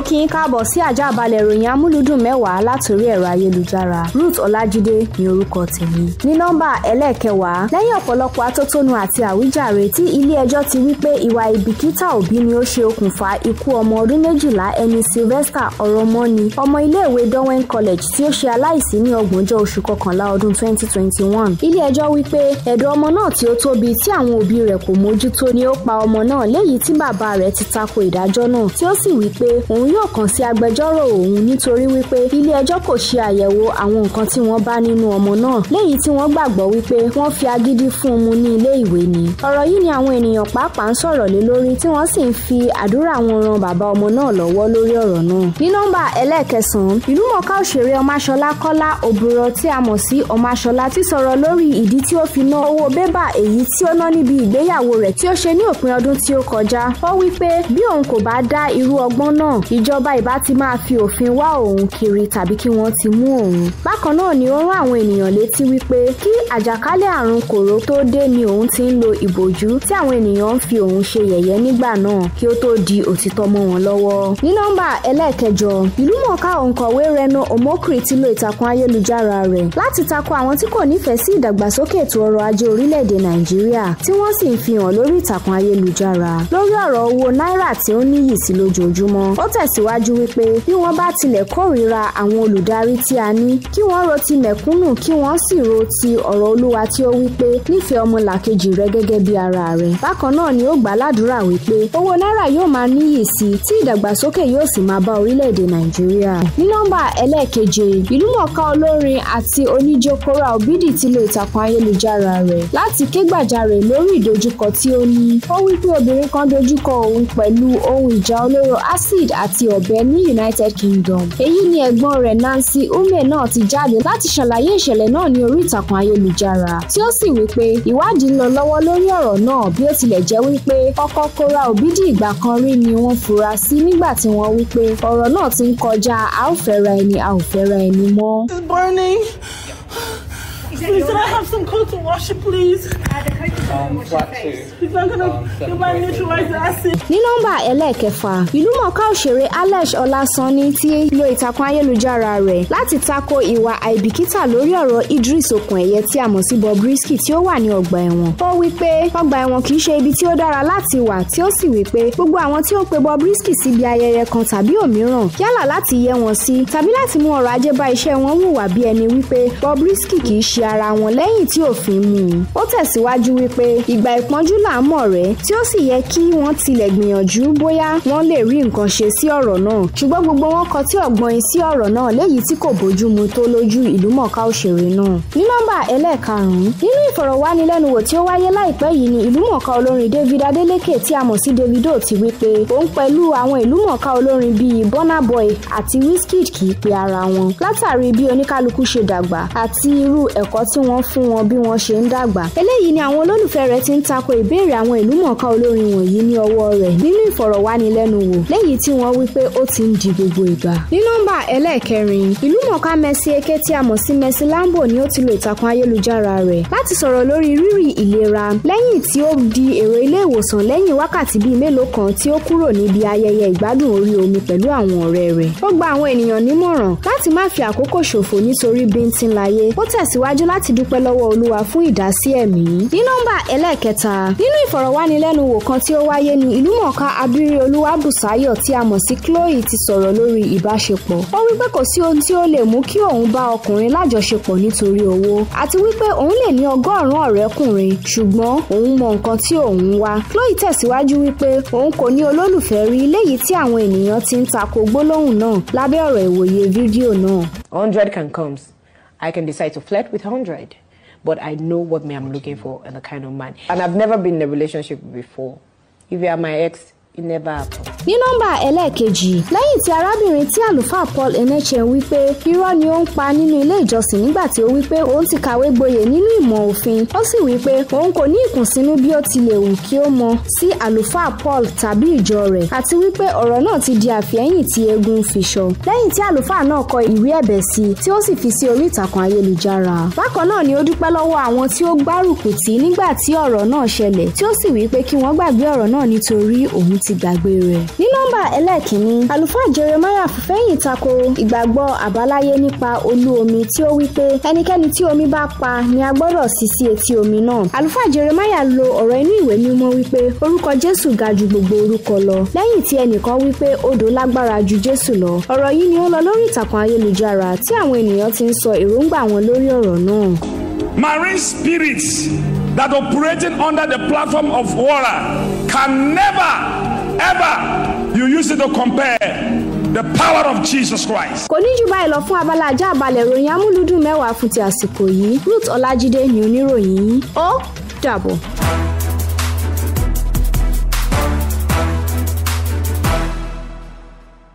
mo kí yín káàbọ̀ sí àjàbalẹ̀ ìròyìn amúlùdùn mẹ́wàá látòrí ẹ̀rọ ayélujára Ruth Ọlájídé ní orúkọ tèmi. ní nọ́mbà ẹlẹ́ẹ̀kẹwàá lẹ́yìn ọ̀pọ̀lọpọ̀ atótónu àti àwíjàre tí ilé-ẹjọ́ ti wí pé ìwà ìbìkítà òbí ni ó ṣe okùnfà ikú ọmọ ọdún méjìlá ẹni Sylvester Oromoni ọmọ iléèwé Dowen College tí ó ṣe aláìsí ní ọgbọ̀njọ́ oṣù kọkànlá ọdún 2021. ilé-ẹjọ́ wí pé ẹ̀dọ̀ ọmọ náà tí ó tóbi tí àwọn òbí rẹ̀ kò mójútó ni ó pa ọmọ náà léyìí tí bàbá rẹ̀ ti tako ìdájọ́ náà tí ó sì wí pé òun yóò kàn sí agbẹjọ́rò òun nítorí wípé ilé ẹjọ́ kò ṣe àyẹ̀wò àwọn nǹkan tí wọ́n bá nínú ọmọ náà léyìí tí wọ́n gbàgbọ́ wípé wọ́n fi agídí fún un ní ilé ìwé ni. ọ̀rọ̀ yìí ni àwọn ènìyàn pàápàá ń sọ̀rọ̀ lé lórí tí wọ́n sì ń fi àdúrà wọn ran bàbá ọmọ náà lọ́wọ́ lórí ọ̀rọ̀ náà. ní nọ́mbà ẹlẹ́ẹ̀kẹsàn-án ìlúmọ̀ọ́ká òṣèré ọmáṣọlá kọ́lá òbúrọ̀ tí a mọ̀ sí ọmáṣọlá ti sọ̀rọ̀ lórí ìdí tí ó fi ná owó bébà èyí tí ó ná níbi ìgbéyàwó rẹ̀ tí ó ṣe ní ìjọba ìbá ti máa fi òfin wá òun kiri tàbí kí wọ́n ti mú òun. bákan náà ni ó rán àwọn ènìyàn létí wípé kí àjàkálẹ̀ àrùn kòró tó dé ni òun ti ń lo ìbòjú tí àwọn ènìyàn ń fi òun ṣe yẹ̀yẹ́ nígbà náà kí ó tó di òtítọ́ mọ́ wọn lọ́wọ́. ní nọ́mbà ẹlẹ́ẹ̀kẹjọ ìlúmọ̀ọ́ká òǹkọ̀wé Reno Omokri ti lo ìtàkùn ayélujára rẹ̀ láti tako àwọn tí kò nífẹ̀ẹ́ sí ìdàgbàsókè ètò ọrọ̀ ajé orílẹ̀-èdè Nàìjíríà tí wọ́n sì ń fi hàn lórí ìtàkùn ayélujára lórí ọ̀rọ̀ owó náírà tí ó tẹ̀síwájú wípé bí wọ́n bá tilẹ̀ kórìíra àwọn olùdarí tí a ní kí wọ́n ro ti mẹ̀kúnnù kí wọ́n sì ro ti ọ̀rọ̀ olúwa tí ó wípé nífẹ̀ẹ́ ọmọlàkejì rẹ gẹ́gẹ́ bí ara rẹ. bákan náà ni ó gbà ládùúrà wípé owó náírà yóò máa níyì sí i tí ìdàgbàsókè yóò sì máa bá orílẹ̀-èdè nàìjíríà. ní nọ́mbà ẹlẹ́ẹ̀keje ìlúmọ̀ọ́ká olórin àti oníjó Kora Obidi ti lo ìtàkùn ayélujára rẹ̀ láti ké gbàjarè lórí ìdojúkọ tí ó ní. ó wí pé obìnrin kan dojúkọ òun pẹ̀lú ohun ìjà olóró acid àti àti ọ̀bẹ ní United Kingdom. èyí ni ẹ̀gbọ́n rẹ̀ Nancy Ume náà ti jáde láti ṣàlàyé ìṣẹ̀lẹ̀ náà ní orí ìtàkùn ayélujára tí ó sì wí pé ìwádìí ń lọ lọ́wọ́ lórí ọ̀rọ̀ náà bí ó tilẹ̀ jẹ́ wípé ọkọ Kora Obidi ìgbà kan rí ni wọ́n fura sí nígbà tí wọ́n wí pé ọ̀rọ̀ náà ti ń kọjá a ò fẹ́ra ẹni a ò fẹ́ra ẹni mọ́. It's burning. Please, can I have some coat to wash it, please? Um, um, ní nọ́mbà ẹlẹ́ẹ̀kẹfà ìlúmọ̀ọ́ká òṣèré Alex Ọlásànni ti lo ìtàkùn ayélujára rẹ̀ láti tako ìwà àìbìkítà lórí ọ̀rọ̀ Idris Okuneye tí a mọ̀ sí Bobrisky tí ó wà ní ọgbà ẹ̀wọ̀n ó wí pé ọgbà ẹ̀wọ̀n kì í ṣe ibi tí ó dára láti wà tí ó sì wí pé gbogbo àwọn tí ó pe Bobrisky síbi ayẹyẹ kan tàbí òmíràn yálà láti yẹ wọn sí tàbí láti mú ọrọ̀ ajé bá iṣẹ́ wọn wùwà bí ẹni wípé Bobrisky kì í ṣe ara wọn lẹ́yìn tí òfin mú un. ó tẹ̀síwájú wípé ìgbà ìpọ́njú là ń mọ̀ rẹ́ tí ó sì yẹ kí wọ́n tilẹ̀ gbìyànjú bóyá wọ́n lè rí nǹkan ṣe sí ọ̀rọ̀ náà ṣùgbọ́n gbogbo wọn kọ tí ọ̀gbọ́n sí ọ̀rọ̀ náà léyìí tí kò bójú mu tó lójú ìlúmọ̀ọ́ká òṣèré náà. ní nọ́mbà ẹlẹ́ẹ̀karùn-ún nínú ìfọ̀rọ̀wánilẹ́nuwò tí ó wáyé láìpẹ́ yìí ni ìlúmọ̀ọ́ká olórin David Adeleke tí a mọ̀ sí Davido ti wí pé òun pẹ̀lú àwọn ìlúmọ̀ọ́ká olórin bíi Burna Boy àti Wizkid kì í pe ara wọn látàrí bí oníkálukú ṣe dàgbà àti irú ẹ̀kọ́ orúkọ tí wọ́n fún wọn bí wọ́n ṣe ń dàgbà. eléyìí ni àwọn olólùfẹ́ rẹ̀ ti ń tako ìbéèrè àwọn ìlúmọ̀ọ́ká olórin wọ̀nyí ní ọwọ́ rẹ̀ nínú ìfọ̀rọ̀wánilẹ́nuwò léyìí tí wọ́n wí pé ó ti ń di gbogbo ìgbà. ní nọ́mbà ẹlẹ́ẹ̀kẹrin ìlúmọ̀ọ́ká Mercy Eke tí a mọ̀ sí Mercy Lambo ni ó ti lo ìtàkùn ayélujára rẹ̀ láti sọ̀rọ̀ lórí rírì ìlera lẹ́yìn tí ó di èrò ilé ìwòsàn lẹ́yìn wákàtí bíi mélòó kan tí ó kúrò níbi ayẹyẹ ìgbádùn orí omi pẹ̀lú àwọn ọ̀rẹ́ rẹ̀. ó gba àwọn ènìyàn nímọ̀ràn láti má fi àkókò ṣòfò nítorí bíntín láyé ó tẹ̀síwájú láti dúpẹ́ lọ́wọ́ olúwa fún ìdásí ẹ̀mí. ní nọ́mbà ẹlẹ́ẹ̀kẹta nínú ìfọ̀rọ̀wánilẹ́nuwò kan tí ó wáyé ní ìlúmọ̀ọ́ká abiri olúwàbùsáyọ̀ tí a mọ̀ sí chloe ti sọ̀rọ̀ lórí ìbáṣepọ̀. ó wí pé kò sí ohun tí ó lè mú kí òun bá ọkùnrin lájọṣepọ̀ nítorí owó àti wípé òun lè ní ọgọ́rùn-ún ọ̀rẹ́kùnrin ṣùgbọ́n òun mọ nǹkan tí òun wá. chloe tẹ̀síwájú wípé òun kò ní olólùfẹ́ rí léyìí tí àwọn ènìyàn ti ń tako gbólóhùn náà lábẹ́ ọ̀rọ̀ ìwòye fídíò náà. hundred can comes. I can decide to flirt with 100, but I know what me I'm looking for and the kind of man. And I've never been in a relationship before. If you are my ex, it never happened. ní nọ́mbà ẹlẹ́ẹ̀kejì lẹ́yìn tí arábìnrin tí àlùfáà Paul Eneche wí pé irọ́ ni ó ń pa nínú ilé ìjọsìn nígbà tí ó wí pé òun ti kàwé gboyè nínú ìmọ̀ òfin ó sì wí òun kò ní ìkùnsínú bí ó ti lè wù kí ó mọ sí àlùfáà Paul tàbí ìjọ rẹ̀ àti wí pé ọ̀rọ̀ náà ti di àfihẹ́yìn tí eégún fi sọ lẹ́yìn tí àlùfáà náà kọ ìwé ẹ̀bẹ̀ sí tí ó sì fi sí orí ìtàkùn ayélujára bákan náà ni ó dúpẹ́ lọ́wọ́ àwọn tí ó gbárùkù tì nígbà tí ọ̀rọ̀ náà ṣẹlẹ̀ tí ó sì wí kí wọ́n gbàgbé ọ̀rọ̀ náà nítorí òun ti gbàgbé rẹ̀ ní nọ́mbà ẹlẹ́ẹ̀kínní àlùfáà Jeremiah Fufeyin tako ìgbàgbọ́ àbáláyé nípa olú omi tí ó wí pé ẹnikẹ́ni tí omi bá pa ni a gbọ́dọ̀ sí sí etí omi náà àlùfáà Jeremiah lo ọ̀rọ̀ inú ìwé mímọ́ wípé orúkọ Jésù ga ju gbogbo orúkọ lọ lẹ́yìn tí ẹnìkan wípé odò lágbára ju Jésù lọ ọ̀rọ̀ yìí ni ó lọ lórí ìtàkùn ayélujára tí àwọn ènìyàn ti ń sọ èròǹgbà wọn lórí ọ̀rọ̀ náà. Marine spirits that operating under the platform of water can never ever you use it to compare the power of Jesus Christ. kò ní jù báyìí lọ fún abala ajá àbálẹ̀ ìròyìn amúlùdùn mẹ́wàá fún ti àsìkò yìí Ruth Ọlájídé ni oníròyìn ó dàbọ̀.